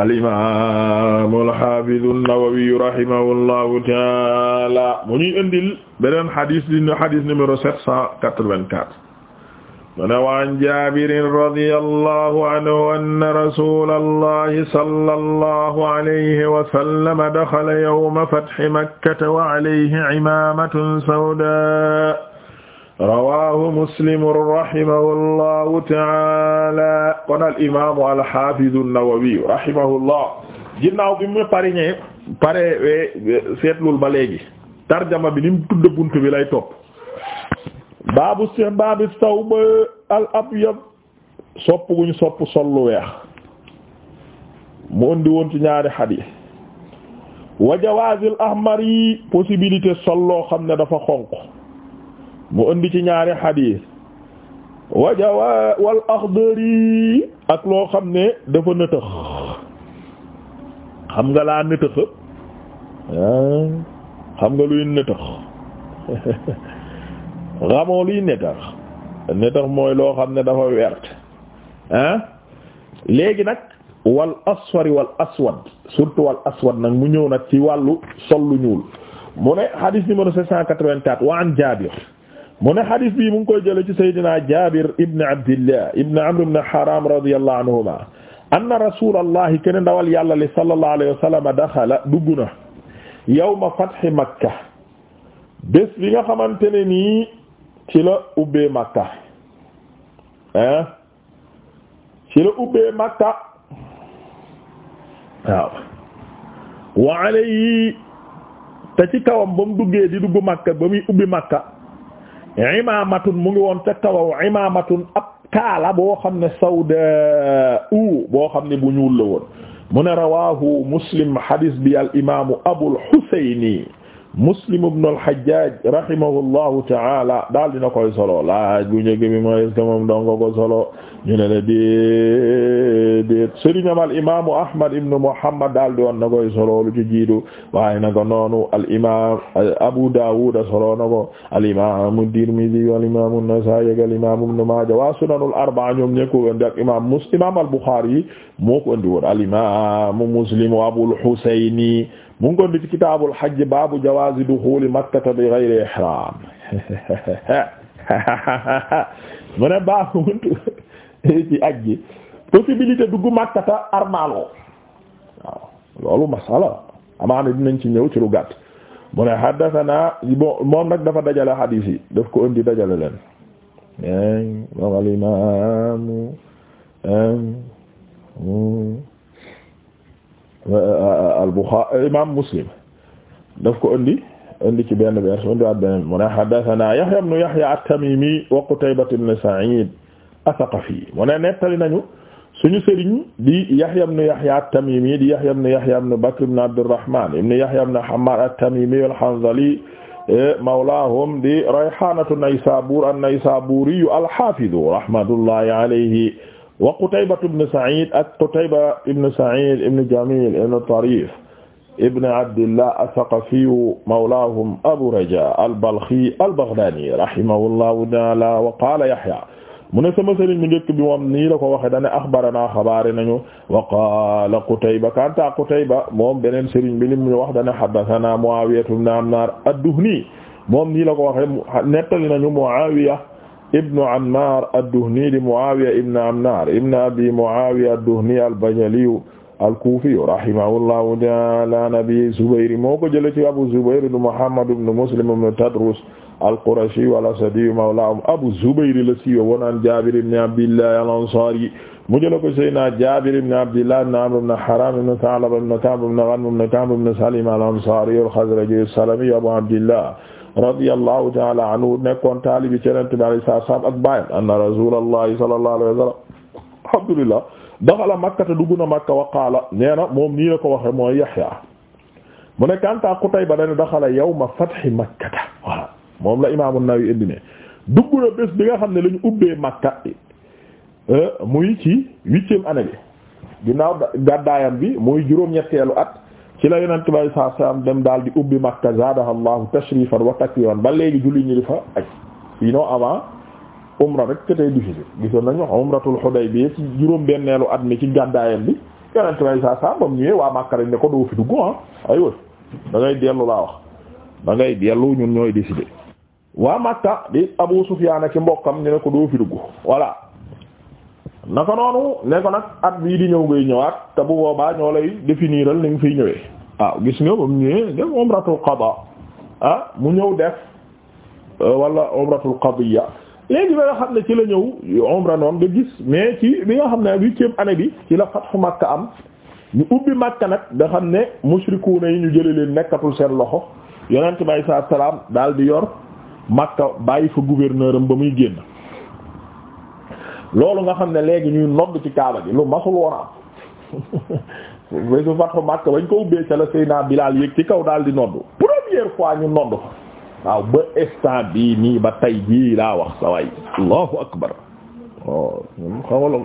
alimamu alhafidu an-Nawawi rahimahullahu taala mu ñuy indil beneen hadis di hadis numéro sept cent quatre-vingt-quatre mu ne waan jabirin radiyallahu anhu anna rasulallahi sallallahu alayhi wa sallam daxala yawma fathi makkata wa alayhi imamatun sawda rawahu muslimun rahimahullahu taala kon al imaamu al xaafizu nawawi rahimahullah ginnaaw bi mu pariñee pare seetlul ba léegi tarjama bi ni mu tudd bunt bi lay topp baabu si baabu sawb al abyad sopp guñ sopp sol lu weex mu indi woon ci ñaari xadiis wa jawaazil ahmar yi possibilité sol loo xam ne dafa xonq mu indi ci ñaari xadiis wajawa wal axdari ak loo xam ne dafa nëtëx xam nga laa nëtëx ah, xam nga luy nëtëx xamoo luy nëtëx nëtëx mooy loo xam ne dafa wert ah léegi nag wal asfari wal aswad surtout wal aswad nag mu ñëw nag ci wàllu sol lu ñuul mu ne hadith numéro 784 wa an Jaabir mu ne xadis bii mu ngi koy jële ci saydina jabir ibni abdillah ibni amr ibn haram radiyallahu anhuma anna rasulallahi ken ndawal yàlla li sallallahu alayhi wa sallam daxala dugg na yawma fathi makka bi nga xamante ne nii ci la ubbee makka ah ci la ubbee makka wa alayhi te ci kawam ba mu duggee di dugg makka ba muy ubbi makka imaamatun mu ngi woon ca kawaw imaamatun ab kaala boo xam ne sawda u boo xam ne bu ñuul la woon mu ne rawahu muslim hadis bi al imaamu abul husayni muslim ibn al hajjaj rahimahullahu taala daal dina koy solo laaj bu njëkk bi mooy est-ce que moom donga ko solo ñu ne la déedéet sëriñam al imaamu ahmad ibnu muhammad daal di woon na koy solo lu ci jiitu waaye naka noonu al imaam abu daawud solo na ko al imaamu tirmidi al imaamu nasaa'i ak al imaamu ibnu maaja waa sunanul arba'a ñoom ñëpp ko indi ak imaam mus imaam al buxaari moo ko indi woon al imaamu muslim wa abul husayni mu ngi ko indi ci kitaabul hajj baabu jawaazi duxuuli makkata bi ghayri ihraam mu ne baabu ci aj gi possibilité dugg màkkata armaaloo waaw loolu masala amaana dinañ ci ñëw ci lu gàtt mu ne haddathana bon moom nag dafa dajale hadis yi daf ko indi dajale leen eng moom al imaamu al Bukhari ci benn version indi waat beneen mu ne haddathana Yahya ibn Yahya at-Tamimi wa Qutaybah ibn Sa'id as-Saqafi mu ne nettali nañu suñu sëriñ di Yahya ibn Yahya at-Tamimi di Yahya ibn Yahya ibn Bakr ibn Abdurrahman ibn Yahya ibn Hammar at-Tamimi al-Hanzali eh, mawlaahum di Rayhaanatu Naysaabuur an-Naysaabuuri al-Haafiz rahmatullahi alayhi wa Qutaybatu ibn Sa'id ak Qutayba ibn Sa'id ibn Jamil ibn Tarif ibn Abdillah as-Saqafi mawlaahum Abu Rajaa al-Balkhi al-Baghdadi rahimahullahu ta'ala wa qaala Yahya mu ne sama sëriñ bi njëkk bi moom nii la ko waxe dane axbarana xabaare nañu wa qaala Qutayba kanta Qutayba moom beneen sëriñ bi li mu wax dane haddathana Muawiya ibn Ammar ad-Duhni moom nii la ko waxe nettali nañu Muawiya ibnu Ammar ad-Duhni di Muawiya ibn Ammar ibn abi Muawiya ad-Duhni al-Bajaliyu al-Kufiyu rahimahullahu ta'ala nabi Zubayr moo ko jële ci Abu Zubayr ibn Muhammad ibn Muslim ibn Tadrus al-Qurashi wal-Asadi mawlaahum Abu Zubayr la siiwe woon an Jaabir ibn Abdillah al-Ansaari mu jëla ko Seydina Jaabir ibn Abdillah ibn Amr ibn Haraam ibn Tha'laba ibn Ka'b ibn Ghanm ibn Ka'b ibn Salim al-Ansaari al-Khazraji as-Salami Abu Abdillah radiyallahu ta'ala anhu nekkoon taalibi Yonent bi alayhi salaam ak baayam anna Rasuulallahi sallallahu alayhi wa sallam alhamdulillah daxala Makkata dugg na Makka wa qaala nee na moom nii la ko waxe mooy Yahya mu ne Kanta Qutayba dañu daxala yawma fathi Makkata moom la imaamu Nawawi indi ne dugg na bés bi nga xam ne la ñu ubbee Makka eh, muy ci huitième année bi ginnaaw gàddaayam bi muy juróom-ñetteelu at ci la yonent bay saa saam dem daal di ubbi Makka zaadaha Allahu tashrifan wa takriman ba léegi julli ñi di fa aj sinon avant umra rek te tey difficile gisoon nañu wax umratul Hudaybiya ci juróom-benneelu at mi ci gàddaayam bi yonent bay saa saam ba mu ñëwee waa Makka lañ ne ko doo fi dugg ah aywa da ngay dellu laa waa Makka di Abu Sufyaan ak mbokkam ñu ne ko doo fi dugg voilà naka noonu ne ko nag at bii di ñëw ngay ñëwaat te bu boobaa ñoo lay définiral ni nga fiy ñëwee waaw ah, gis nga moom ñëwee ah, mu ñëw def euh, wala umratul qadiya léegi ba nga xam ne ci la ñëw umra noonu nga gis mais ci bi nga xam ne huitième année bi ci la fatxu Makka am ñu ubbi Makka nag nga xam ne mushrikuuna yi ñu jële leen nekkatul seen loxo yonent bi sallallahu alayhi daal di yor Makka bàyyi fa gouverneur am ba muy génn loolu nga xam ne léegi ñuy nodd ci Kaaba gi lu masul woon am bésu fatxu Makka bañ ko ubbee ca la Seyna Bilal yéeg ci kaw daal di nodd première fois ñu nodd fa waaw ba instant bii nii ba tay bii laa wax sa waay allahu akbar o oh, xawala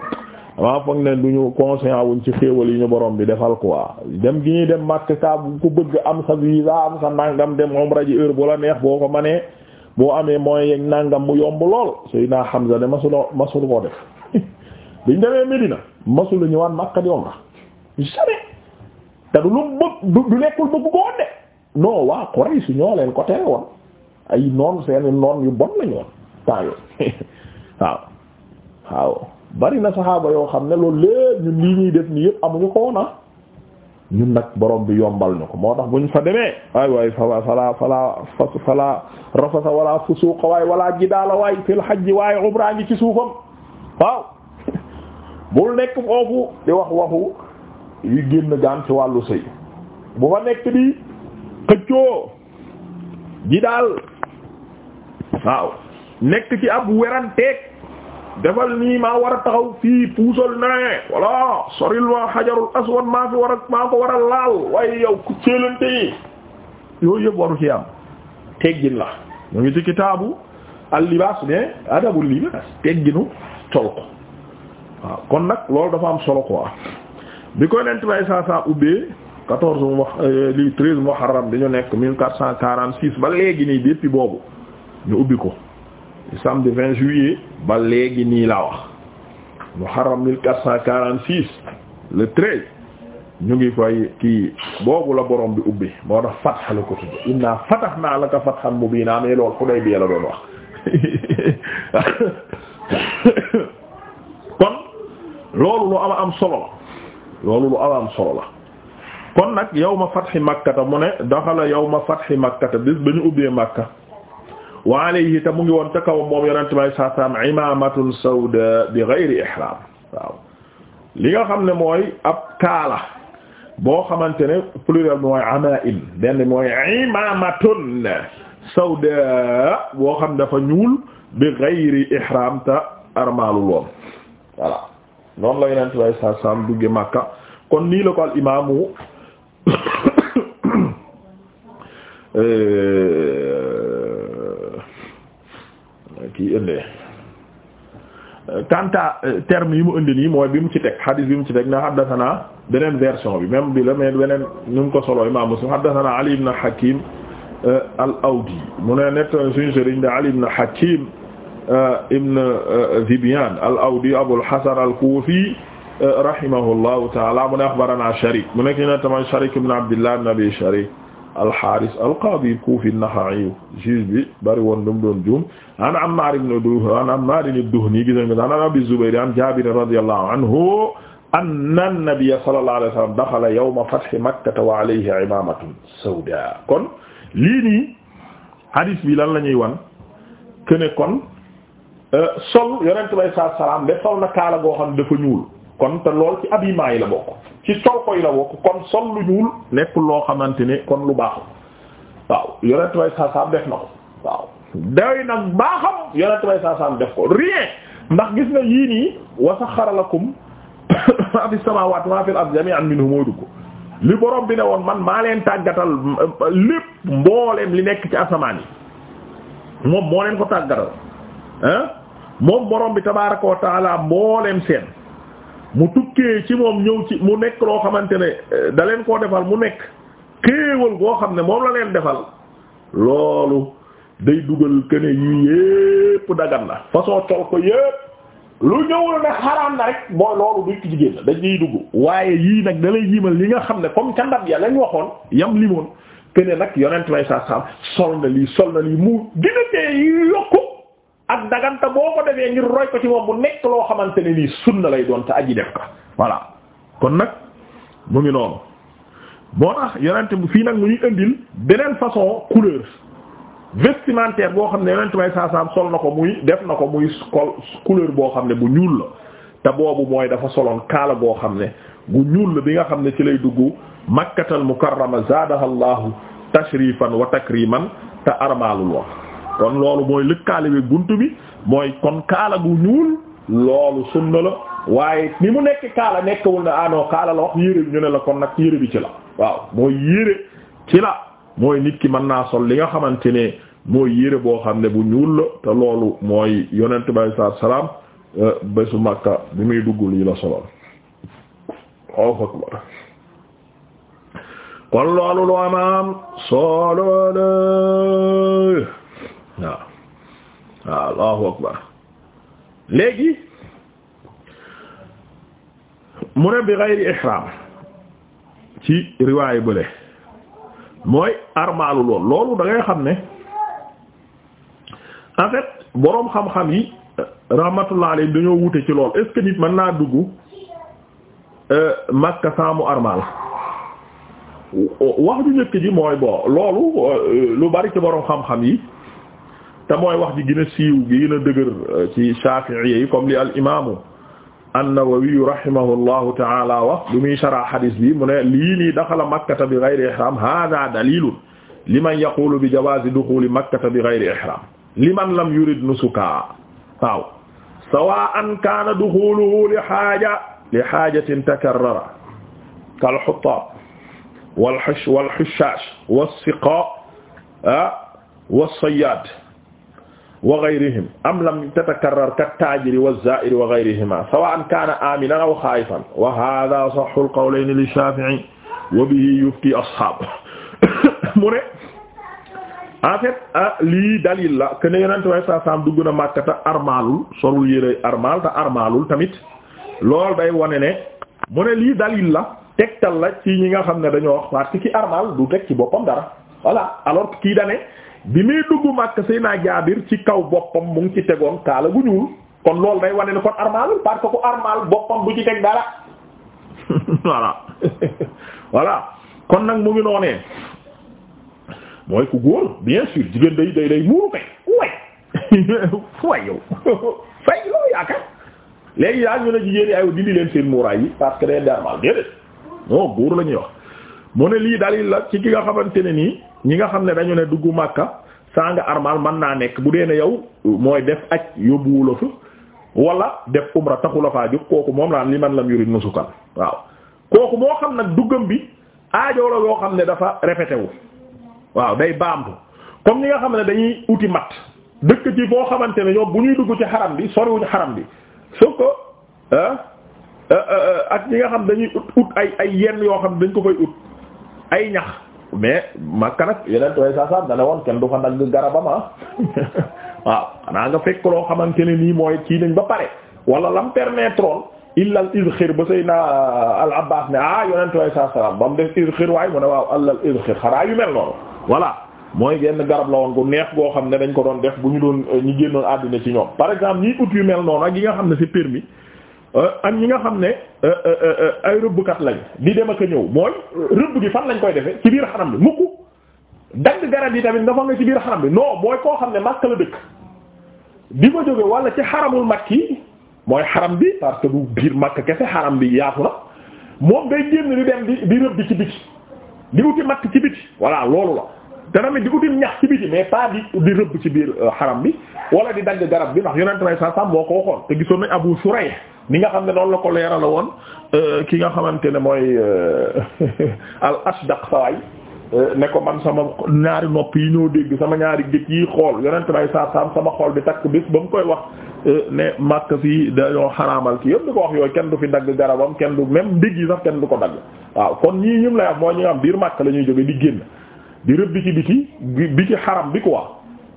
damaa foog ne du ñu wuñ ci xéewal yi ñu borom bi defal quoi dem gi ñuy dem Makka ka bu ko bëgg am sa visa am sa nangam dem umra heure bu la neex boo ko manee boo amee mooy yeeg nangam mu yomb lool Seydina Hamza ne masula masulu koo def biñ demee Medina masula ñëwaat Makka di umra jamais te du lu bëgg du nekkul bëgg ko woon de non waa Quraysh ñoo leen ko tere woon ay noon seeni noon yu bon lañu woon waaw waaw bari na saxaaba yoo xam ne loolu lépp ñun lii ñuy def nii yëpp amuñu ko woon ah ñun nag boroom bi yombal ñu ko moo tax buñ fa demee waay waay fala fala fala fas fala rafasa wala fusuuqa waay wala jidaala waay fil hajji waaye umra ngi ci suufam waaw bul nekk foofu di wax waxu yu génn gaan ci wàllu sëy bu fa nekk di xëccoo jidaal waaw nekk ci ab weranteeg defal nii maa war a taxaw fii puusal nee voilà soril waa xajarul aswad maa fi war a maa ko war a laal waaye yow ku céelante yi yooyu yëpp waru ci am teggin la ñu ngi ci kitaabu al libaas ne adabul libaas tegginu col waaw kon nag loolu dafa am solo quoi bi koy nent bay saa saa ubbee quatorze mu euh, li treize muharram dañu nekk mille quatre cent quarante six ba léegi nii depuis boobu ñu ubbi ko samedi 20 juillet ba léegi nii laa wax muharram 1446 le 13 ñu ngi koy kii boobu la borom bi ubbi moo tax fatha la ko tudd inna fatahna laka fathan mubina mais loolu Hudaybiya la doon wax kon loolu lu am am solo la loolu lu am am solo la kon nag yawma fathi makkata mu ne daxala yawma fathi makkata bis ba ñu ubbee makka wa alayhi te mu ngi woon ca kaw moom yonente may saa saam imamatun sawda bi ghayri ihram li nga xam ne mooy ab kaala boo xamante ne pluriel bi mooy amaim benn mooy imamatun sawda boo xam dafa ñuul bi ghayri ihram te armaalu woon voilà noonu la yonente may saa saam dugge Makka kon nii la ko al imaamu euh, kii indee kanta euh, terme yi mu indi nii mooy bi mu ci teg xadiis bi mu ci teg na haddathana beneen version bi même bi la mais beneen ñu ngi ko solo imam Muslim haddathana Ali ibn Hakim euh, al-Awdi mu ne nett suñu sëriñ de Ali ibn Hakim euh, ibn Zibyan al-Awdi Abul Hasan al-Kufi rahimahullahu ta'ala mu ne akhbarana Sharik mu ne ki ne tamit Sharik ibn Abdillah ibn Abi Sharik alxaaris alqaadi kuufi naxaayu juge bi bari woon lu mu doon juum an Ammaar ibn Duh an Ammaar ibn Duhni gis nga an Abi Zubayr an Jaabir radiyallahu anhu anna nabiyya sallallahu alayhi wa sallam daxala yawma fathi Makkata wa alayhi imaamatun sawdaa kon lii nii hadis bi lan la ñuy wan que ne kon euh, sol yonent bi sallallahu alayhi wa sallam de sol na kaala goo xam dafa ñuul. kon te lool ci habillement yi la bokk ci col ko yi la bokk kon sol lu ñuul nekkul loo xamante ne kon lu baaxul waaw yonent way saasaam def na ko waaw day nag baaxam yonent way saasaam def ko rien ndax gis na yii nii wa saxxara lakum ma fi samaawaati ma fi al-ard jami'an minhu mooy dugg li borom bi ne woon man maa leen tàggatal lépp mbooleem li nekk ci asamaan yi moom moo leen ko tàggatal ah moom borom bi tabaaraka wa ta'ala mbooleem seen mu tukkee ci moom ñëw ci mu nekk loo xamante ne eh, da leen koo defal mu nekk xéewal goo xam ne moom la leen defal loolu day dugal kene yi yépp dagan na façon col ko yépp lu ñëwul nag xaraam na rek mooy loolu du jigéen la dañuy dugg waaye yii nag da lay li nga xam ne comme ca ndab ya lañ waxoon yam limoon kene nag yonent lay sa sam sol na lii sol na lii mu dina tee yokku ak daganta boo ko defee ngir roy ko ci moom bu nekk loo xamante ne nii sunna lay doon te aji def ko voilà kon nag mu ngi noonu moo tax yonente fii nag muy ñuy indil beneen façon couleur vestimentaire boo xam ne yonente may saasaam sol na ko muy def na ko muy col boo xam ne bu ñuul la te boobu mooy dafa soloon kaala goo xam ne gu ñuul la bi nga xam ne ci lay dugg makkatal mukarrama zaadaha allahu tashrifan wa takriman te armaalul wax kon loolu mooy lëkkaale bi buntu bi mooy kon kaala gu ñuul loolu sunna la waaye ni mu nekk kaala nekkawul ne ah non kaala la wax yére bi ñu la kon nag yére bi ci la waaw mooy yére ci la mooy nit ki man naa sol li nga xamante ne mooy yére boo xam ne bu ñuul la te loolu mooy yonent bi alayhi salaam euh, bésu Makka bi muy dugg lii la solal kon loolu lu amaam solo waaw waaw allahu akbar léegi mu ne bi gayri ihram ci riwaayu bële mooy armaalu loolu da xam ne en fait boroom xam-xam yi rahmatullah alayhi dañoo wute ci lool est nit mën naa dugg euh, Makka saamu armaal wax ju njëkk ji mooy bon loolu euh, lu bari ci boroom xam-xam yi te mooy wax ji gën a siiw gi gën a dëgër euh, ci Shafi'i yi comme li al imaamu an-Nawawi rahimahullahu ta'ala wax lu muy sharah hadis bi mu ne lii nii daxala makkata bi ghayri ihram hada dalilun liman yaqulu bi jawaazi duxuli makkata bi ghayri ihram liman lam yurid nusuka waaw sawa'an kaana duxuluhu li haaja li haajatin takarrara kal huttab wal hush wal hushash was siqa ah, was sayyad wa gayrihim am lam tatakarrar ka tajiri wazzairi wa gayrihima sawa'an kana aminan aw xaayifan wa hada sahhu alqawlayni lishafi'i wa bihi yufti ashaab mu ne en fait ah, lii dalil la que ne yonente way sa sam dugg na Makka te armalul sorul yére armal te armalul tamit loolu day wane ne mu ne lii dalil la tegtal la ci ñi nga xam ne dañoo wax parce que ki armal du teg ci boppam dara voilà alors que kii dane bi muy dugg Makka Seydina Jaabir ci kaw boppam mu ngi ci tegoon kaala gu ñuul kon loolu day wane ne kon armaalul parce que ku armaal boppam bu ci teg dara voilà voilà kon nag mu ngi noonee mooy ku góor bien sûr jigéen day day muuru kay way way yow fay loo yaakaar léegi yaa ñu ne jigéen yi ay dindi leen seen muuraay yi parce que day darmal déedéet non góor la ñuy wax mu ne lii dalil la ci ki xamante ne nii ñi nga xam ne dañu ne dugg màkka saa nga armal mën naa nekk bu dee ne yow mooy def aj yóbbuwula fa wala def umra taxula faa jóg kooku moom laan li man lam yurid nusukan waaw kooku moo xam nag duggam bi aajoo yoo xam ne dafa répété wu waaw day baamtu comme ñi nga xam ne dañuy uti mat dëkk ci boo xamante ne ñoom bu ñuy ci xaram bi soriwuñu xaram bi soo ko ah, ah, ah, ak ñi nga xam dañuy ut ut ay ay yenn yoo xam ne dañ ko fay ut ay ñax mais Makka nag yeneen tooy saa saa dana woon kenn du fa nag garabam ah waaw naa nga fekk loo xamante ne nii mooy kii nañ ba pare wala lam permettre woon illal izxir ba sëy naa al abbas ne ah yeneen tooy saa saa ba mu def izxir waaye mu ne waaw allal izxir xanaa yu mel noonu voilà. mooy genn garab la woon gu neex goo xam ne dañ ko doon def bu ñu doon ñu génnoon àddina ci ñoom par exemple ñiy ut yu mel noonu ak yi nga xam ne c'est permis Euh, am ñi nga xam ne euh, euh, ay kat lañ di dem ak ñëw mooy rëbb gi fan lañ koy defee ci biir xaram bi mukk dagg garab yi tamit nga foog ne ci biir xaram bi non mooy koo xam ne Makka la dëkk di ko jóge wala ci xaramul makki mooy xaram bi parce que bu biir Makka kese xaram bi yaatu la moom day génn di dem di di rëbb ci biti di wuti matt ci biti voilà loolu la. te tamit di util ñax ci biti mais pas di di rëbb ci biir euh, xaram bi wala di dagg garab bi ndax yonent may sa sam boo ko waxoon te gisoon nañ Abu Shurayh ni nga xam ne noonu la ko leerala woon euh, ki nga xamante ne mooy euh, al ashdaq sawaay ne ko man sama ñaari nopp yi ñoo dégg sama ñaari gët yi xool yonent may sa sam sama xool bi takk bis ba mu koy wax ne màkk fii dañoo xaraamal ki yëpp di ko wax yooyu kenn du fi dagg garabam kenn du même ndig yi sax kenn du ko dagg waaw kon ñii ñim lay wax ñu am biir màkk la ñuy jóge génn di rëbb ci biti bi ci xaram bi quoi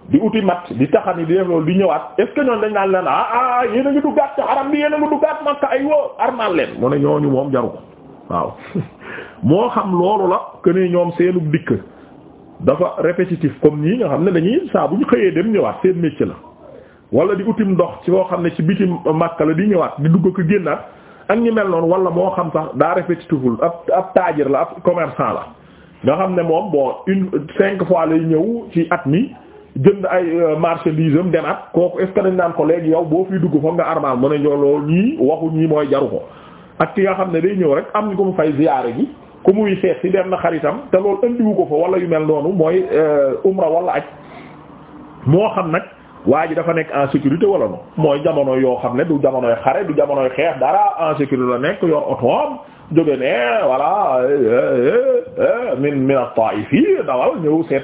di uti mat di taxani di def loolu di ñëwaat est dañ naan leen ah ah yéen a duggaat ci xaram bi yéen a ngi duggaat Makka ay woo armal leen mu ne ñooñu moom jaru ko waaw moo xam loolu la que ne ñoom seenu dikk dafa répétitif comme nii ñoo xam ne dañuy saa bu ñu xëyee dem ñëwaat seen métier la wala di utim ndox ci boo xam ne ci biti Makka la di ñëwaat di dugg ko génn ak ñu mel noonu wala moo xam sax daa répétitiful ab ab taajir la ab la nga xam ne moom boo une cinq fois lay ñëw ci at mi jënd ay euh, marchandise am demaat kooku est ce naan ko léegi yow boo fi dugg foog nga armal mu ne ñoo loolu ñii waxu ñii mooy jaru ko ak ki nga xam ne day ñëw rek am ñu ko mu fay ziyaare gi ku muy si dem na xaritam te loolu andiwu ko fa wala yu mel noonu mooy euh, umra wala aj moo xam nag waa ji dafa nekk en sécurité wala no mooy jamono yoo xam ne du jamonoy xare du jamonoy xeex dara en sécurité la nekk yor otoom jóge ne voilà euh, Eh, min min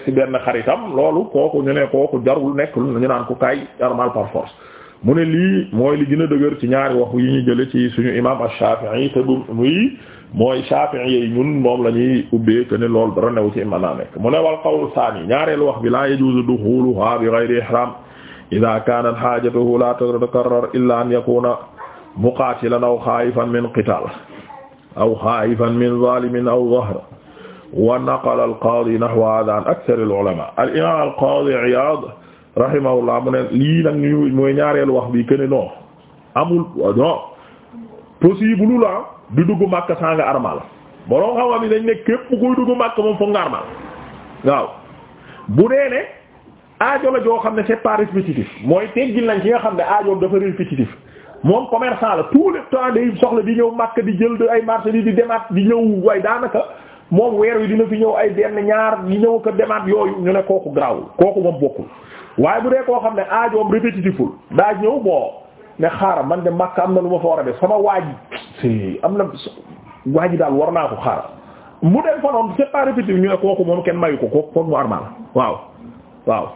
ci benn xaritam loolu kooku ñu ne kooku jarul naan ko kay mu ne lii mooy li gën a ci ñaari wax yi ñu jële ci suñu imam ash-Shafi'i te moom la ñuy ubbee que ne loolu dara new ci mën naa nekk mu bi la yajuzu dukhuluha bi ghayri ihram idha kanat hajatuhu la tatakarrar illa an yakuna muqatilan aw khaifan min qital aw khaifan min zalimin aw dhahr wa naqala al-qaadi nahwa haaza an akthari al al al-qaadi Iyaad rahimahullah mu ne lii nag mooy ñaareelu wax bi que ne amul non possible la du dugg Makka saa nga armal borom xam-xam yi dañ ne képp kuy dugg Makka moom foog nga armal waaw bu dee ne aajo la joo xam ne c'est pas répétitif mooy teggil nañ ci nga xam ne aajoom dafa répétitif. moom commerçant la tout le temps day soxla di ñëw Makka di jël ay marché di di demaat di ñëw waaye daanaka moom weer wi dina fi ñëw ay benn ñaar yi ñëw ko demaat yooyu ñu ne kooku garaawul kooku moom bokkul waaye bu dee koo xam ne aajoom répétitiful daa ñëw boo ne xaaral man de Makka am na lu ma fa war a def sama waaj si am na waaj daal war naa ko xaaral mu dem fa noonu c'est pas kooku moom kenn mayu ko kooku foog mu armal waaw waaw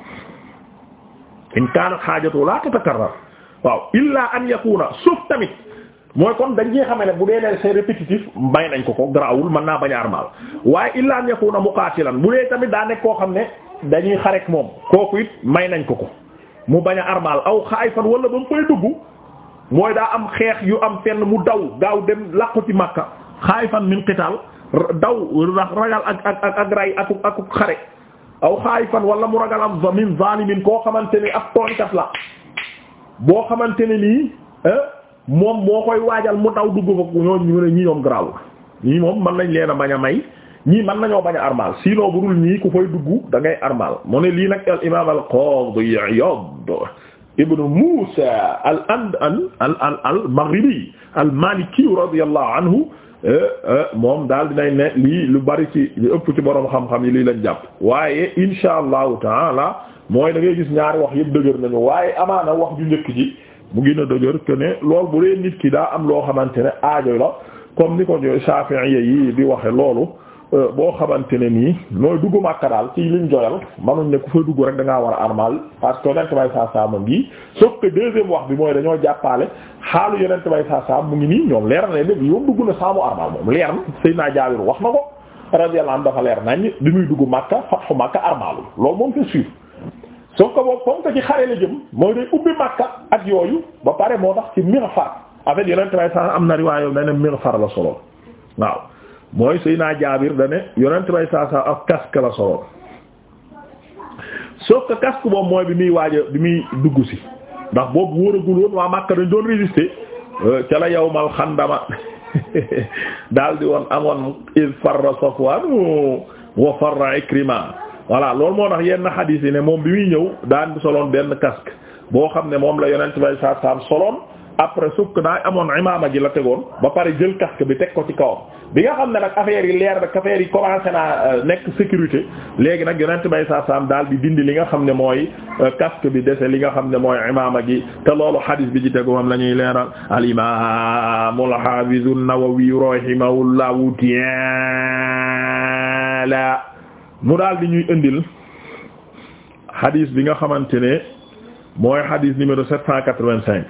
in kaanat xaajatu la tatakarrar waaw illa an yakuna suuf tamit mooy kon dañ ci xamee ne bu dee ne c'est répétitif may nañ ko ko garaawul mën naa bañ a armal waaye illa yakuna muqatilan bu dee tamit daa nekk koo xam ne dañuy xarek moom kooku it may nañ ko ko mu bañ a armal aw xaayfan wala ba mu fay dugg mooy daa am xeex yu am fenn mu daw daaw dem làqu ci Makka fan min qital daw ragal ak ak ak ak ray akuk xare aw xaayfan wala mu ragal am min zalimin koo xamante ne ab tooñkat la boo xamante ne nii moom moo koy waajal mu taw dugg fa ñoo ñu ne ñi ñoom garaawul ñii moom man nañ leen a bañ may ñii man nañoo bañ a armal sinon bu dul ñii ku fay dugg dangay ngay armal mu ne lii nag al imam al qadi Iyad ibn Musa al and al al maghribi al maliki radiyallahu anhu eh, eh, moom daal dinay ne lii lu bari ci li ëpp ci borom xam-xam yi lii lañ jàpp waaye insha allahu taala mooy da ngay gis ñaari wax yëpp dëgër nañu waaye amaana wax ju njëkk ji mu gën a dëgër que ne lool bu dee nit ki daa am loo xamante ne aajo la comme ni ko ñooy Shafi'iyya yi di waxe loolu euh, boo xamante ne nii nooy dugg Makka daal ci liñ joyal manuñ ne ku fay dugg rek da war a armal parce que yonent bay saa saa moom gi deuxième wax bi mooy dañoo jàppale xaalu yonent bay saa saa mu ngi nii ñoom leer na leen yow dugg na saamu armal moom leer na Seydina Jaabir wax na ko radiyallahu anhu dafa leer nañ bi muy dugg Makka fatxu Makka armalul loolu moom soo ko boobu comme que ci xare la jëm mooy day ubbi Makka ak yooyu ba pare moo tax ci Mighfar en fait yonent bay saa am na riwaayoo na ne Mighfar la soloon waaw mooy Seydina Jaabir da yonent bay saa ak casque la soloon soo ko boobu mooy bi muy waaja bi muy dugg si ndax boobu wóoragul woon waa Makka dañ doon résister euh, ca la yawmal xandama daal di woon amoon il farra Safwaan wa farra Ikrima voilà loolu moo tax yenn xadiis yi ne moom bi muy ñëw daan soloon benn casque boo xam ne moom la yonent bay saab saab soloon après sukk naa amoon imaama ji la tegoon ba pare jël casque bi teg ko ci kaw bi nga xam ne nag affaire yi leer nag affaire yi commencé naa euh, nekk sécurité léegi nag yonent bay saa saam daal di dindi li nga xam ne mooy euh, casque bi dese li nga xam ne mooy imaama gi te loolu hadis bi ci tegu moom la ñuy leeral al imam al hafiz an-Nawawi rahimahullahu ta'ala mu daal di ñuy indil xadis bi nga xamante ne mooy xadis numéro sept cent quatre-vingt-cinq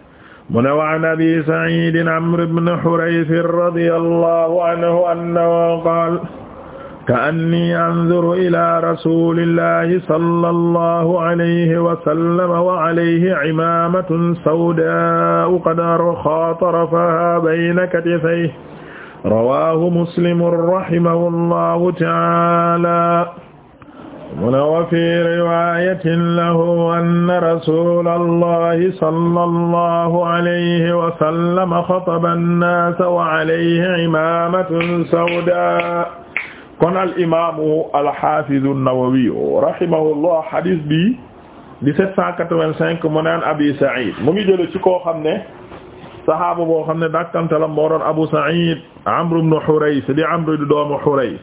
mu ne wa an abi Sa'id Amr ibn Hurayth radiyallahu anhu annahu qaala ka'anni anzuru ila rasulillahi sallallahu alayhi wa sallam wa alayhi imamatun sawda'u qad arxaa tarafaha bayna katifayhi rawaahu muslim rahimahullahu ta'ala mu ne wa fi riwaayatin lahu anna rasuulallahi sallallahu alayhi wa sallam xataba nnaasa wa alayhi imaamatun sawdaa kon al imaamu alxaafidu nnawawi rahimahullah hadis bi di 785 mu naan abi Saïd mu ngi jële ci koo xam ne. saxaaba boo xam ne dakkantalam moo doon Abu Sa'id Amr ibn Hurays di Amr di doomu Hurays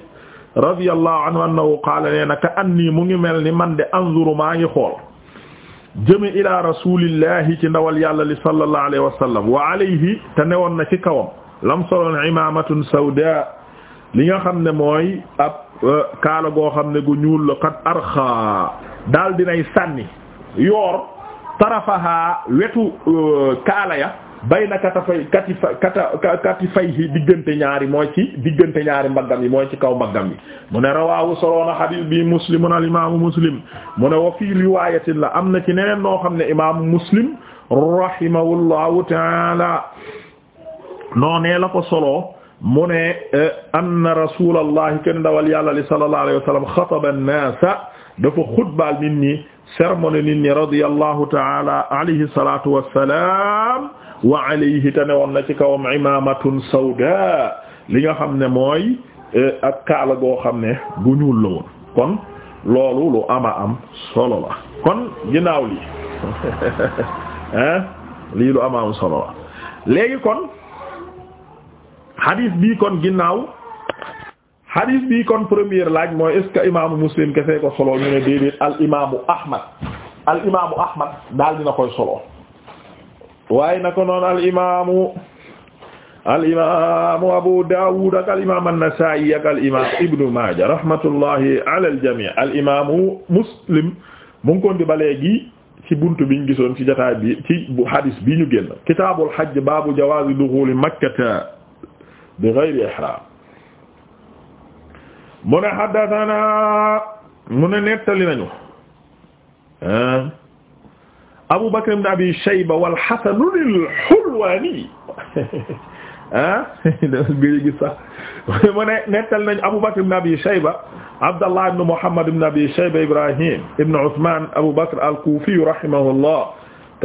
radiyallahu anhu annahu qaala nee na ka annii mu ngi mel ni man de anzuru maa ngi xool jëme ila rasulillahi ci ndawal yàlla li sallallahu alayhi wa sallam wa alayhi te newoon na ci kawam lam soloon imaamatun sawda li nga xam ne mooy ab euh, kaala goo xam ne gu ñuul la qad arxa daal dinay sànni yoor tarafaha wetu euh, kaala ya bayna katafay katifa katifayhi diggante ñaari mooy ci diggante ñaari mbaggam yi mooy ci kaw mbaggam yi mu ne rawaahu soloona xadiis bi muslimun al imaamu muslim mu ne wa fii riwaayatin la am na ci neneen noo xam ne imaamu muslim rahimahullahu taala noonee la ko solo mu ne e, anna rasulallahi kenn dawal yàlla li sallallahu alayhi wa sallam xataba an-naasa dafa xutbaal nit ñi sermon nit taala alayhi salaatu wa wa alayhi te ne woon na ci kawam imamatun sawda li nga xam ne mooy eh, ak kaala goo xam ne bu ñuul la woon kon loolu lu ama am solo la kon ginnaaw lii hein lii lu ama am solo la léegi kon hadith bii kon ginnaaw hadith bii kon premier laaj mooy est-ce que imaamu muslim kese ko solo ñu ne déedéet al imaamu ahmad al imaamu ahmad daal dina koy solo waaye nako noon al imaamu Abu Daawud ak al imaam an-Nasaa'i ak al al jamii Muslim mu ngi ko indi ba léegi ci buntu biñ gisoon ci jotaay bi ci bu hadis bi ñu génn kitaabul hajj baabu jawaazi duxuuli makkata bi ghayri ihraam mu ne haddasanaa mu ne nettali nañu ah, Abu Bakr ibn Abi Shayba wal Hasan al-Hulwani ah mbiri gi sax mu ne nettal nañ Abu Bakr ibn Abi Shayba Abdallah ibn Muhammad ibn Abi Shayba Ibrahim ibn Usman Abu Bakr al-Kufi rahimahullah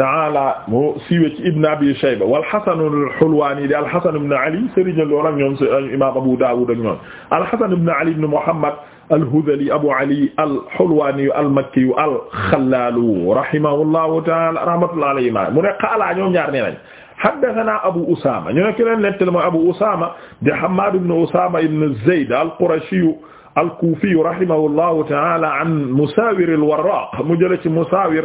ta'ala mu siiwee ci ibn Abi Shayba wal Hasan al-Hulwani di al-Hasan ibn Ali sëriñ la lool ak ñoom imam Abu Dawud ak ñoom al-Hasan ibn Ali ibn Muhammad al-Hudhali Abu Ali al-Hulwani al-Makki al-Khallal rahimahullahu ta'ala rahmatullahi alayhima mu ne qaala ñoom ñaar nee nañ haddathana Abu Usama ñu ne ki leen nettali mooy Abu Usama di Hammad ibn Usama ibn Zayd al-Qurashi al-Kufi rahimahullahu ta'ala an Musawir al-Warraq mu jëlee ci Musawir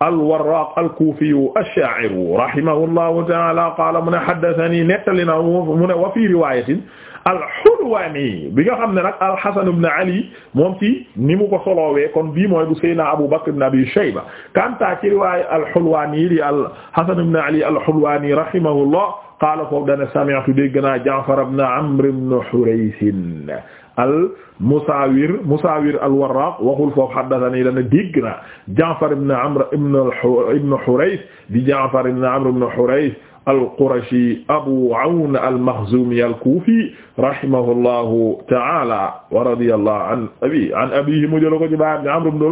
al-Warraq al-Kufi ash-Sha'ir rahimahullahu ta'ala qaala mu ne haddathani nettali na mu ne wa fi riwayatin al-Hulwani bi nga xam ne nag al-Hasan ibn Ali moom ci ni mu ko solowee kon bii mooy bu Seydina Abu Bakr ibn Abi Shayba kanta ci riwaaya al-Hulwani li al-Hasan ibn Ali al-Hulwani rahimahullah qaala foofu dana sami'tu dégg naa Ja'far ibn Amr ibn Hurayth al Musaawir Musaawir al-Warraaq waxul foofu haddathanii dana dégg naa Ja'far ibn Amr ibn Hurayth di Ja'far ibn Amr ibn Hurayth al-Qurashi Abu Awn al-Makhzumi al-Kufi rahimahullahu ta'ala wa radiyallahu an abi an abihi mu jëla ko ci baayam Amr ibn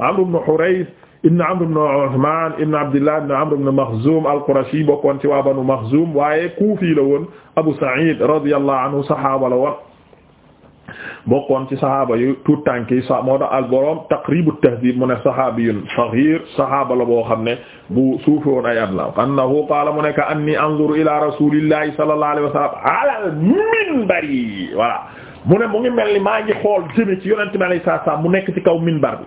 Amr ibn Hurayth ibn Amr ibn Uthman ibn Abdillah ibn Amr ibn Makhzum al-Qurashi bokkoon ci waa Banu Makhzum waaye Kufi la woon Abu Sa'id radiyallahu anhu sahaaba la woon bokkoon ci saxaaba yu tuut tànk yi sa moo tax ak boroom taqribu tahdib mu ne saxaabiyun saxiir saxaaba la boo xam ne bu suufe woon ay at la annahu qaala mu ne ka anni anzuru ila rasulillahi sallallahu alayhi wa sallam alal minbari voilà mu ne mu ngi mel ni maa ngi xool jëme ci yonente bi alayhi salaam mu nekk ci kaw minbar bi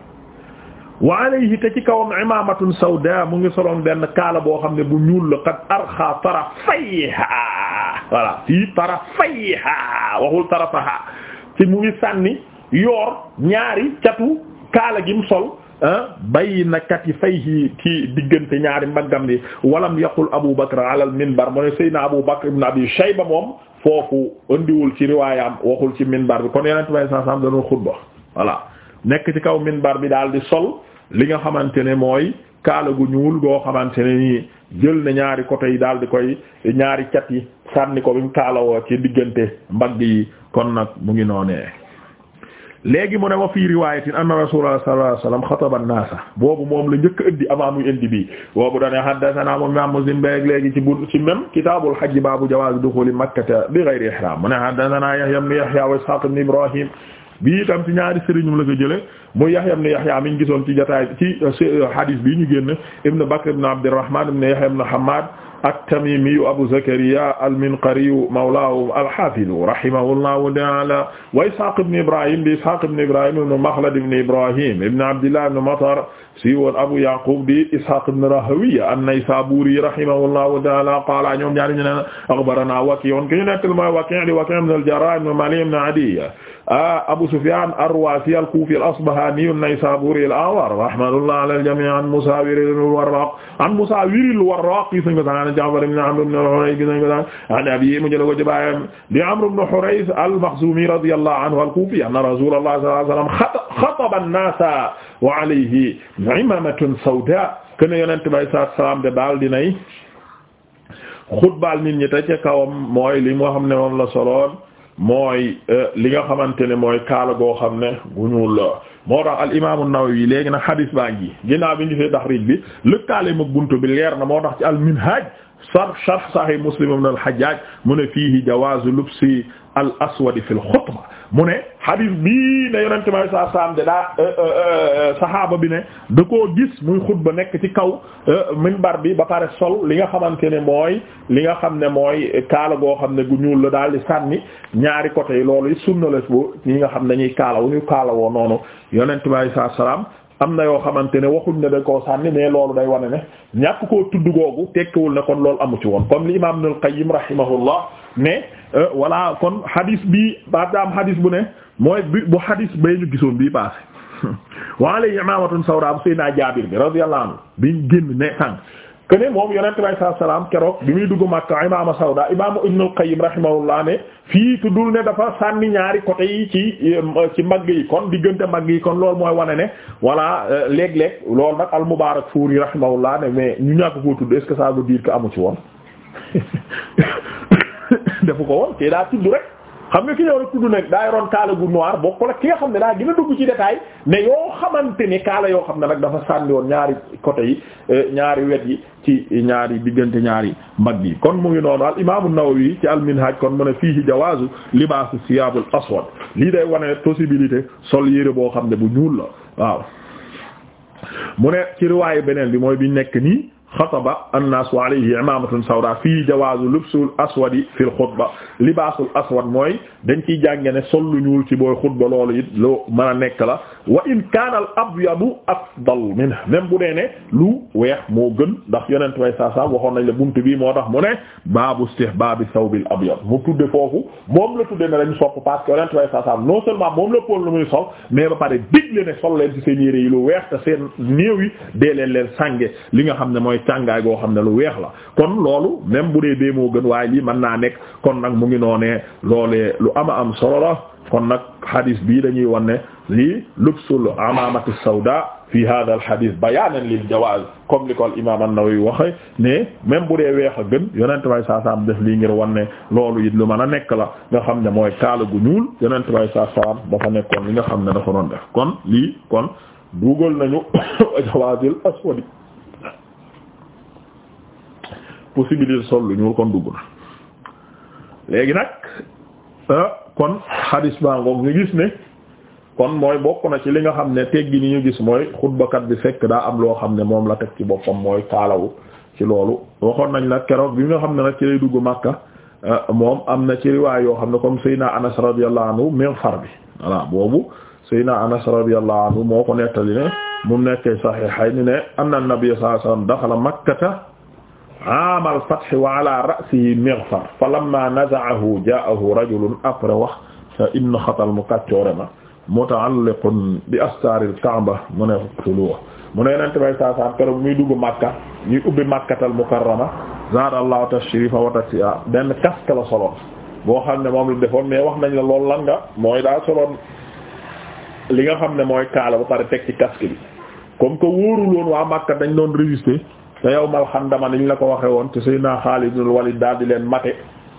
wa alayhi te ci kawam imamatun sawda mu ngi soloon benn kaala boo xam ne bu ñuul la qad arxa tarafayha voilà fii tarafayha waxul tarafaha te mu ngi sànni yoor ñaari catu kaala gim sol ah, bayna katifayhi ci diggante ñaari mbaggam ni walam yaqul Abu Bakr ala al minbar mu ne Seydina Abu Bakr ibn Abi Shayba moom foofu andiwul ci riwaayam waxul ci minbar bi kon yeneen tubaab yi sànni dañoo voilà nekk ci kaw minbar bi daal di sol li nga xamante ne mooy kaala gu ñuul goo xamante ne jël na ñaari côté yi daal di koy ñaari cat yi sànni ko bi kaalawoo ci diggante mbagg yi. kon nag mu ngi noonee léegi mu ne wa fii riwaayatin anna rasulullah sallallahu alayhi wasallam xataba an-naasa boobu moom la njëkk indi avant muy indi bii boobu dane haddathana moom imam Muslim beeg léegi ci bu ci même kitaabul hajj baabu jawaazi duxuuli makkata bi ghayri ihraam mu ne haddathana Yahya ibn Yahya wa Ishaaq ibn Ibrahim bii itam ci ñaari sëriñum la ko jële muy Yahya ibn Yahya mi ñu gisoon ci jotaay ci euh, euh, hadith bi ñu génn ibn Bakr ibn Abdurrahman ibn Yahya ibn Hammad at-Tamimiyu Abu Zakariya al-Minqariyu mawlaahum al-Haafidu rahimahullahu ta'aala wa Ishaaq ibn Ibrahim di Ishaaq ibn Ibrahim ibn Makhlad ibn Ibrahim ibn Abdillah ibn Matar si woon Abu Yaqub di Ishaaq ibn Rahawayh an-Naysaabuuri rahimahullahu ta'aala qaala ñoom ñaari ñu ne akhbaranaa Wakii' ki ñu nettali mooy Wakii' di Wakii' ibn al-Jarraah ibn Malik ibn Adiy Ah, Abu Sufyan ar-Ruwasi al-Kufi al-Asbahani an-Naysaburi al-Awar rahmatullah ala al-jami' an Musawir al-Warraq an Musawir al-Warraq gis nañ ko sànq Ja'far ibn Amr ibn Hurayth gis nañ ko sànq an abiy mu jëlee ko ci baayam di Amr ibn Hurayth al-Makhzumi radiyallahu anhu al-Kufi anna Rasulullah sallallahu alayhi wa sallam khataba an-nasa wa alayhi imamatun sawda kana yonent bi sallallahu alayhi wa sallam de daal dinay xutbal nit ñi te ca kawam mooy li moo xam ne moom la soloon mooy euh, li nga xamante ne mooy kaala goo xam ne gu ñuul la moo tax al imaamu Nawawi léegi nag hadis baa ginaa ginnaaw bi ñu fee riij bi lëkkaale mag bunt bi leer na moo tax ci al minhaj sar sharh sahih muslim ibn al-hajjaj mu ne fiihi jawaazu lubsi al-aswad fi al-xutba mu ne hadith bii ne yonente bi alayhi salaatu salaam de daa euh, euh, euh, sahaaba bi ne da ko gis muy xutba nekk ci kaw minbar bi ba pare sol li nga xamante ne mooy li nga xam ne mooy kaala goo xam ne gu ñuul la daal di sànni ñaari côté yi loolu sunna la bu ñi nga xam ne dañuy kaala wu ñu kaala woo noonu yonente bi alayhi salaam am na yoo xamante ne waxuñ ne dañ koo sànni mais loolu day wane ne ñàkk koo tudd googu tekkiwul ne kon loolu amu ci woon comme li imam Ibnul Qayyim rahimahullah ne euh, voilà kon hadis bii ba daam hadis bu ne mooy bi bu hadis bay ñu gisoon bii passé waala imamatun sawra bu sëy naa Jaabir bi radiyallahu anhu biñ génn ne sànq kene moom yonent bi saa salaam keroog bi muy dugg Makka imaama Sawda imaamu Ibn al-Qayyim rahimahullah ne fii tuddul ne dafa sànni ñaari côté yi ci ci mag yi kon diggante mag yi kon loolu mooy wane ne voilà euh, léeg-léeg loolu nag al-Mubarakfuri rahimahullah ne mais ñu ñàkk koo tudd est-ce que ça amu ci woon defu ko woon te daa tudd rek. xam nga ki ñëw rek tudd nekk daa yoroon kaala gu noir bokkul ak ki nga xam ne daa gën a dugg ci détail ne yoo xamante ni kaala yoo xam ne nag dafa sànni woon ñaari côté yi eh, ñaari wet yi ci ñaari diggante ñaari mag yi kon mu ngi noonu al imaamu Nawawi ci al minhaj kon mu ne fii ci jawaazu libaasu siyaabul aswad lii day wane possibilité sol yére boo xam ne bu ñuul la waaw mu ne ci riwaayu beneen bi mooy biñ nekk nii. xataba annaas wa alayhi imamatun sawda fii jawaazu lubsul aswadi fi l xutba libaasul aswad mooy dañ ciy jànge ne sol lu ñuul ci booy xutba loolu it loo mën a nekk la wa in kaana al abyadu afdal minhu même bu dee ne lu weex moo gën ndax yonent way saa saa waxoon nañ la buntu bi moo tax mu ne baabu istihbaabi sawbil abyad mu tudde foofu moom la tudde ne lañ sopp parce que yonent way saa saa non seulement moom la pool lu muy sol mais ba pare digle ne sol leen ci lu weex te seen néew yi dee leen leen li nga xam ne mooy càngaay goo xam ne lu weex la kon loolu même bu dee bee moo gën waaye lii mën naa nekk kon nag mu ngi noonee loolee lu ama am solo la kon nag hadis bii dañuy wan ne lii lubsul amamati sawda fi hada al hadith bayanan lil jawaz comme li ko al imam an-Nawawi waxe ne même bu dee weex a gën yonent bay saa saam def lii ngir wan ne loolu it lu mën a nekk la nga xam ne mooy kaala gu ñuul yonent bay saa saam dafa nekkoon li nga xam ne dafa doon def kon lii kon dugal nañu jawazil aswadi possibilité sol lu ñuul kon dugg na léegi nag ah, kon xadis baa ngoog gis ne kon mooy bokk na ci li nga xam ne teggi ni ñu gis mooy xutbakat bi fekk daa am loo xam ne moom la teg ci boppam mooy kaalawu ci loolu waxoon nañ la keroog bi nga xam ne nag ci lay dugg Makka ah, moom am na ci riwaay yoo xam ne comme Seydina Anas radiyallahu anhu min far bi voilà boobu Seydina Anas radiyallahu anhu moo ko nettali ne mu nekkee saxiixay ni ne anna nabiyyu sallallahu alayhi wasallam daxala Makkata amal fath wa ala ra'sihi mighfar falamma naza'ahu ja'ahu rajulun après wax ibn xatal mu kàccoore ma muta'alliqun bi astaaril kaaba mu ne tuluwa mu ne yonent bay saa saa keroog muy dugg Makka ñuy ubbi Makkatal Mukarrama zaada Allahu tashrifa wa taksiya benn casque la soloon boo xam ne moom la defoon mais wax nañ la loolu lan nga mooy daa soloon li nga xam ne mooy kaala ba pare tekki ci casque bi comme que wóoruloon waa Makka dañ doon résister te yawmal xandama niñ la ko waxe woon te Seydina Xaalid ibn Walid daal di leen mate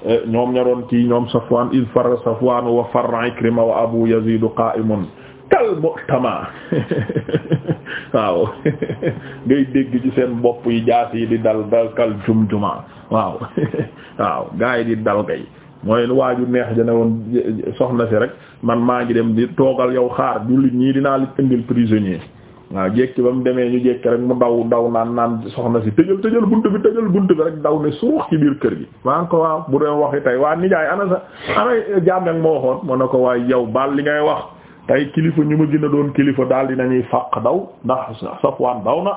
eh, ñoom ñoroon doon kii ñoom Safwaan iz farra Safwaan wa farra Ikrima wa Abu Yaziid qaa'imun kal mu'tama waaw ngay dégg ci seen bopp yi jaas yi di dal dal kal juma waaw waaw gaa yi di dal kay mooy waaju neex dana woon soxna si rek man maa ngi dem di toogal yow xaar jullit ñii dinaa li indil prisonnier waaw jékki ba mu demee ñu jékki rek mu daw daw naan naan soxna si tëjal tëjal bunt bi tëjal bunt bi rek daw ne suux ci biir kër gi maa ngi ko waaw bu dee waxi tey waa nijaay ana sa moo waxoon mu ne ko waaye yow baal li ngay wax tey kilifa ñu ma gën a doon kilifa daal dinañuy fàq daw ndax Safwaan daw na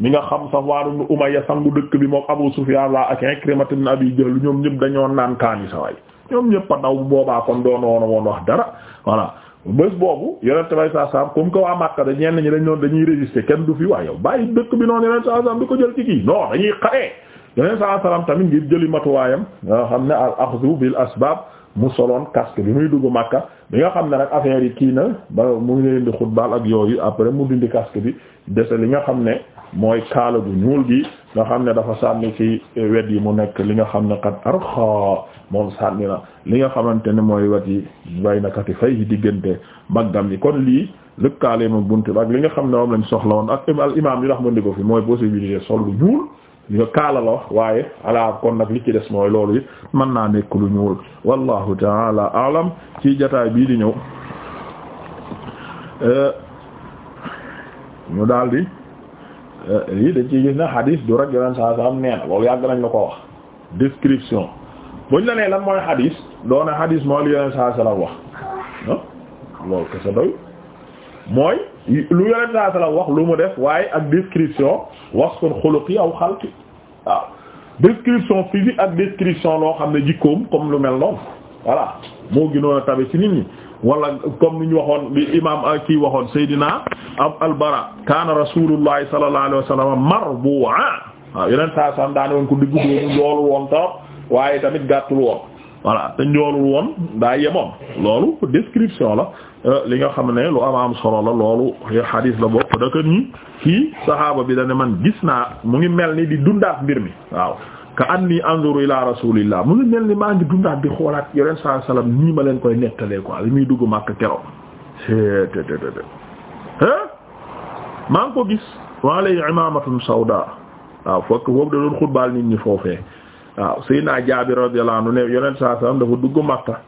mi nga xam Safwaan ibn Umayya sangu dëkk bi moom Abu Sufyaan la ak Ikrimah ibn Abi Jahl ñoom ñëpp dañoo naan kaani sa way ñoom ñëpp a daw boobaa kon doon woon woon wax dara voilà bés boobu yonent bay saa saam comme que waa Makka da ñenn ñi dañ doon dañuy résister kenn du fi waa yow bàyyi dëkk bi noonu yonent saa saam di ko jël ci kii non dañuy xaree yonent saa saam tamit ngir jëli matuwaayam nga xam ne al axzu bil asbab mu soloon casque bi muy dugg Makka bi nga xam ne rek affaire yi kii na ba mu ngi leen di xutbaal ak yooyu après mu dindi casque bi dese li nga xam ne mooy kaala gu ñuul gi nga xam ne dafa sànni ci wet yi mu nekk li nga xam ne xat arxa moom sànni na li nga xamante ne mooy wet yi bay nakati fay yi diggante mbaggam yi kon lii lëkkaale ma buntu ak li nga xam ne moom lañ soxla woon ak al imam yi ndax fi mooy possibilité sol lu ñuul nga kaala la waaye ala kon nag li ci des mooy loolu it mën naa nekk lu ñuul wallahu taala alam ci jataay bii di ñëw euh, ñu daldi Euh, lii dañ ciy gis ne xadis du rek yoneen saa salaam nee na loolu yàgg nañ la ko wax description buñ la nee lan mooy xadis doone xadis mooy lu yoneen saa lu yoneen saa salaam wax lu mu def waaye ak description wasful xuluqi aw xalqi waaw description physique ak description loo xam ne jikkoom comme lu mel noonu voilà moo gënoon a tabe ci nit ñi wala comme ni ñu waxoon bi imam ah, kii waxoon Seydina al-Bara kaana Rasuulullahi sallallahu alayhi wa sallam marbu'an waaw ah, yeneen saa sam daane woon ko diggu doomu njoolul woon torop waaye tamit gàttul woon voilà te njoolul woon daa yemoon loolu description la euh, li nga xam ne lu am am solo la loolu xadiis la bokk da kii saxaaba bi da ne man gis naa mu ngi mel ni di dundaat mbir mi waaw ka anni anzuru ila rasulillah mu ngi mel ni maa ngi dundaat bi xoolaat yoneen saa salaam nii ma leen koy nettalee quoi li muy dugg màkk keroog. maa ngi ko gis. wa lay imamatun sawda waaw fokk foofu da doon xutbaal nit ñi foofee waaw Seydina Jaabir radiyallahu anhu ne yoneen saa salaam dafa dugg màkka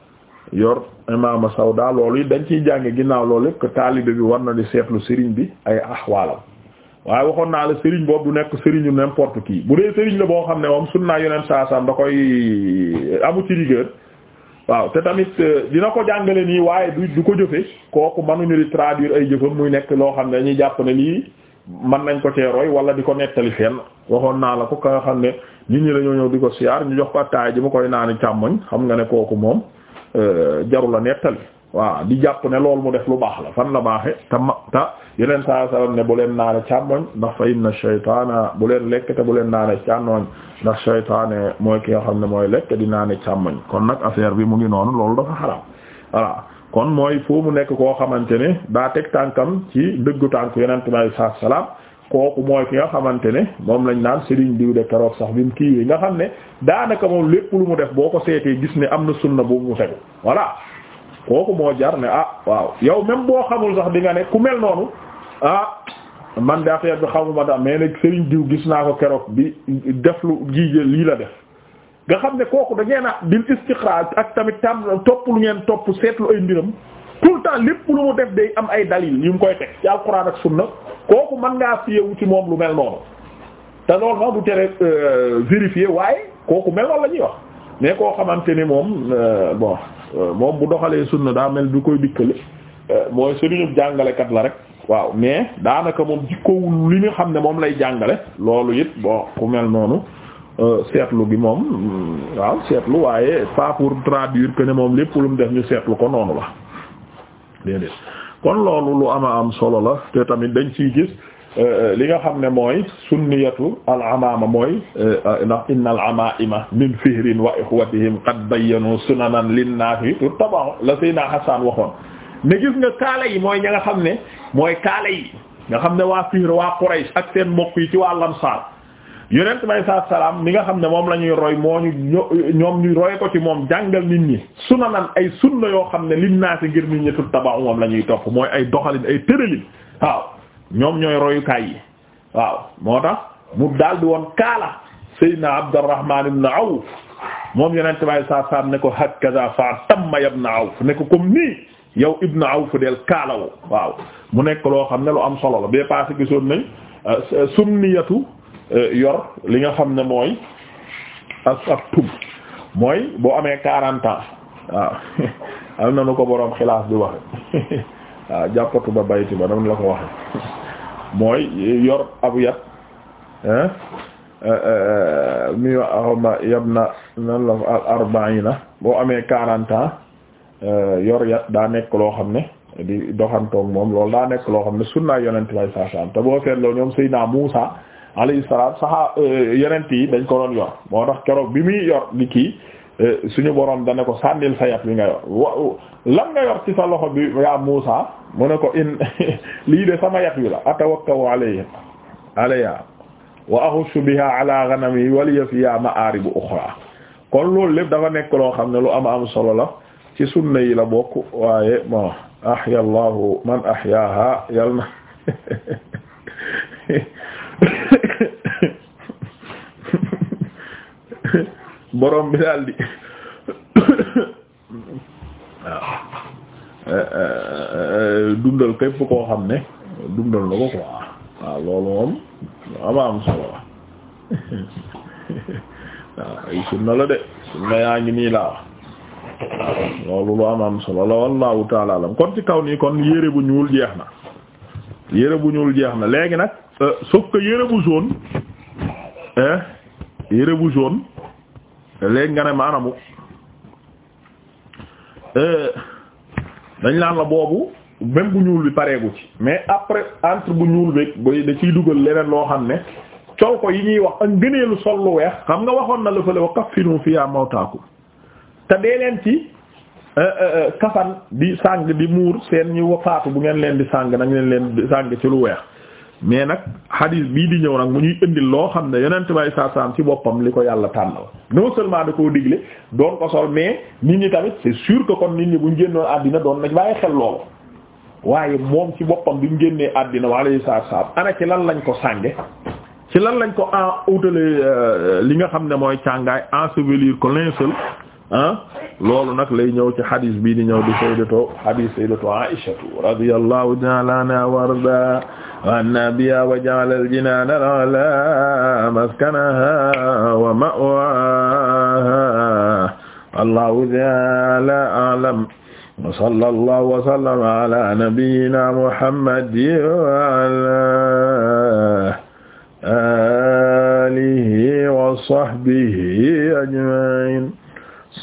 yor imama sawda loolu it dañ ciy jànge ginnaaw loolu lépp que taalibe bi war na di seetlu sëriñ bi ay ahwaalam waaye waxoon naa la sëriñ boobu du nekk sëriñu n'importe qui bu dee sëriñ la boo xam ne moom sunna yonent saa saam da koy euh, amu ci rigueur waaw te tamit euh, dina ko jàngale nii waaye du du ko jëfe kooku mënuñu di traduire ay jëfam muy nekk loo xam ne dañuy jàpp ne lii mën nañ ko cee roy wala di ko nettali fenn waxoon naa la ko ka xam ne nit ñi lañoo ñëw di ko siyaar ñu jox ko attaay ji mu koy naani càmmoñ xam nga ne kooku moom euh, jarul a nettali waaw di jàpp ne loolu mu def lu baax la fan la baaxe yeneen saa salaam ne bu leen naane càmmoñ ndax fa inna shaytaana bu leen lekk te bu leen naane càmmoñ ndax shaytaane mooy ki nga xam ne mooy lekk di naane càmmoñ kon nag affaire bi mu ngi noonu loolu dafa xaram voilà kon mooy foo mu nekk koo xamante ne daa teg tànkam ci dëggu tànk yeneen may saa salaam kooku mooy ki nga xamante ne moom lañ naan Serigne diw de keroog sax bi mu kii nga xam ne daanaka moom lépp lu mu def boo ko seetee gis ne am na sunna bu mu tegu voilà moo jar ne ah waaw yow même boo xamul sax di nga ne ku mel noonu. ah man de affaire bi xamuma daa mais nag Serigne diw gis naa ko keroog bi def lu jiijee lii la def nga xam ne kooku da ngeen a bil ak tamit tam topp lu ngeen topp seetlu ay mbiram tout le lépp lu mu def de am ay dalil yu mu koy teg ci alxuraan ak sunna kooku mën ngaa fiyewu ci moom lu mel noonu te lool ma du tere euh, vérifier waaye kooku mel noonu la ñuy wax mais koo xamante ni moom euh, bon euh, moom bu doxalee sunna daa mel du koy dikkale mooy sëriñu jàngalekat la rek waaw mais daanaka moom jikkowul li ñu xam ne moom lay jàngale loolu it bon ku mel noonu euh, seetlu gi moom mm, waaw seetlu waaye pas pour traduire que ne moom lépp lu mu def ñu seetlu ko noonu la kon loolu lu ama am solo la te tamit dañ ciy gis euh, li nga xam ne mooy sunniyatu al amaama mooy euh, ndax inna al amaima min fihrin wa ikhwatihim qad bayyanu sunanan lin naasi tuttaba'u la sayna Hasan waxoon ne gis nga kaala yi mooy ña nga xam ne mooy kaala yi nga xam ne waa fiir waa Quraysh ak seen mbokk yi ci waa Ansaar yonent bi saa salaatu salaam mi nga xam ne moom la ñuy roy moo ñu ñoom ñu roy ko ci moom jàngal nit ñi sunanan ay sunna yoo xam ne naa naase ngir nit ñi tuttabaxu moom la ñuy topp mooy ay doxalin ay tëralin waaw ñoom ñooy royukaay yi waaw moo tax mu daal di woon kaala Seydina Abdurrahman ibn Awf moom yonent bi alayhi salaatu ne ko hakaza fa tamma ibn Awf ne ko comme nii yow ibn Awf del waaw mu nekk loo xam ne lu am solo la bee passé gisoon nañ euh, yatu euh, yor li nga xam ne mooy ak ak mooy boo amee quarante ans waaw am na nu ko boroom xilaas bi waxe waaw jàppatu ba bayti ba dama la ko waxe mooy yor ab yat euh, mi wax xawma yab na nan la al arbaina boo amee quarante yor yat daa nekk loo xam ne di doxantoog moom loolu daa nekk loo xam ne sunnaay yonent way saasaam te boo seetloo ñoom Seydina Muusa alayhi salaam saxaa euh, yonent yi dañ ko doon yor moo tax keroog bi muy yor di kii euh, suñu borom dana ko sànnil sa yat bi nga yor wa nga yor ci sa loxo bi yaa Muusa mu ne ko in lii de sama yat wi la atawakkau alayhi alayha wa axushu biha ala ghanami wa liya fiha ma'aribu ukhra kon loolu lépp dafa nekk loo xam ne lu am am solo la ci sunna yi la bokk ahya allahu man ahyaaha yal na borom bi daal di waaw dundal képp koo xam ne dundal na ko quoi waaw loolu moom ama am solo waaw ay sunna la de sunna yaa ngi nii laa loolu lu am am solo la wallahu taala kon ci kaw nii kon yére bu ñuul jeex na yére bu ñuul jeex na léegi nag euh, sauf que yére bu jaune yére bu jaune léegi nga ne maanaam euh, dañ laan la boobu même bu ñuul bi pareegu ci mais après entre bu ñuul bi da ciy dugal leneen loo xam ne col ko yi ñuy wax ak ngëneelu sol lu weex xam nga waxoon na la fële wa kaffinu fiya mawtaakum te dee leen ci euh, euh, euh, kafan di sàng di muur seen ñi wafaatu bu ngeen leen di sàng nag leen leen di sàng ci lu weex mais nag hadis bii di ñëw nag mu ñuy indi loo xam ne yonent bay saa saam ci boppam li ko yàlla tànnal non seulement da koo digle doon ko sol mais nit ñi tamit c'est sûr que kon nit ñi buñ génnoon àddina doon nañ bàyyi xel loolu waaye moom ci boppam bi mu génnee àddina wa alayhi salaam ana ci lan lañ ko sànge ci lan lañ ko en utale li nga xam ne mooy càngaay ensevelir ko linceul ah loolu nag lay ñëw ci hadis bii di ñëw di sayyidatu hadis sayyidatu Aisha radiyallahu ta'ala anha warda wannabiya wa ja'ala al-jinana al-'ala maskanaha wa ma'waha allahu ta'ala a'lam wa sallallahu wa sallama ala nabiyyina muhammadin wa ala alihi wa sahbihi ajma'in